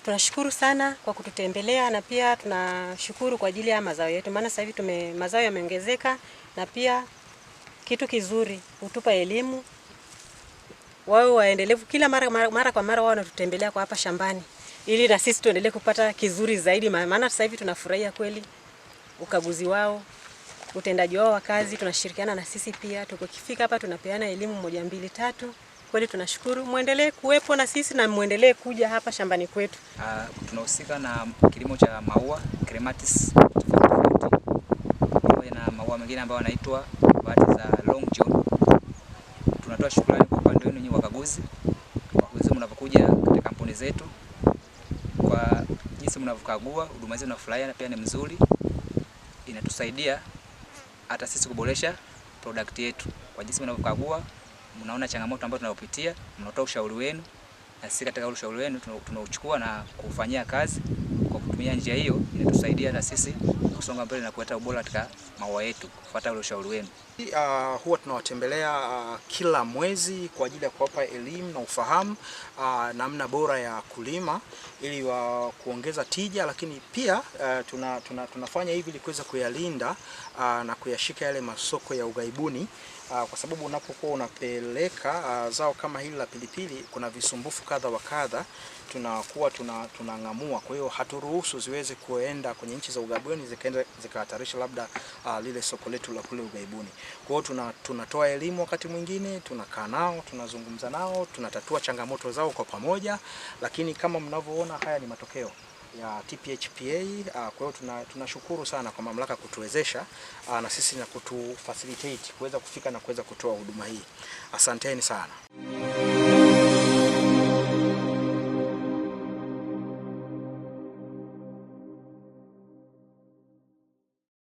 Tunashukuru sana kwa kututembelea na pia tunashukuru kwa ajili ya mazao yetu, maana sasa hivi tume mazao yameongezeka, na pia kitu kizuri hutupa elimu. Wao waendelevu kila mara, mara, mara kwa mara wao wanatutembelea kwa hapa shambani ili na sisi tuendelee kupata kizuri zaidi, maana sasa hivi tunafurahia kweli ukaguzi wao, utendaji wao wa kazi, tunashirikiana na sisi pia. Tukifika hapa tunapeana elimu moja mbili tatu kweli tunashukuru, mwendelee kuwepo na sisi na mwendelee kuja hapa shambani kwetu. Uh, tunahusika na kilimo cha maua clematis pamoja na maua mengine ambayo yanaitwa bati za long john. Tunatoa shukrani kwa upande wenu nyinyi wakaguzi, wakaguzi mnapokuja katika kampuni zetu, kwa jinsi mnavyokagua huduma zetu na furahia, na pia ni mzuri, inatusaidia hata sisi kuboresha product yetu kwa jinsi mnavyokagua mnaona changamoto ambayo tunayopitia, mnatoa ushauri wenu na sisi katika ushauri wenu tunauchukua na kufanyia kazi kutumia njia hiyo inatusaidia na sisi kusonga mbele na kuleta ubora katika maua yetu, kufuata ule ushauri wenu. Uh, huwa tunawatembelea uh, kila mwezi kwa ajili ya kuwapa elimu na ufahamu uh, namna bora ya kulima ili wa kuongeza tija, lakini pia uh, tuna, tuna, tunafanya hivi ili kuweza kuyalinda uh, na kuyashika yale masoko ya ughaibuni uh, kwa sababu unapokuwa unapeleka uh, zao kama hili la pilipili kuna visumbufu kadha wa kadha tunakuwa tunang'amua tuna, kwa hiyo hatu kuruhusu ziweze kuenda kwenye nchi za ughaibuni zikaenda zikahatarisha labda uh, lile soko letu la kule ugaibuni. Kwa hiyo tuna, tunatoa elimu wakati mwingine, tunakaa nao, tunazungumza nao, tunatatua changamoto zao kwa pamoja, lakini kama mnavyoona haya ni matokeo ya TPHPA. Ah, kwa hiyo tuna, tunashukuru sana kwa mamlaka kutuwezesha ah, na sisi na kutufacilitate kuweza kufika na kuweza kutoa huduma hii. Asanteni sana.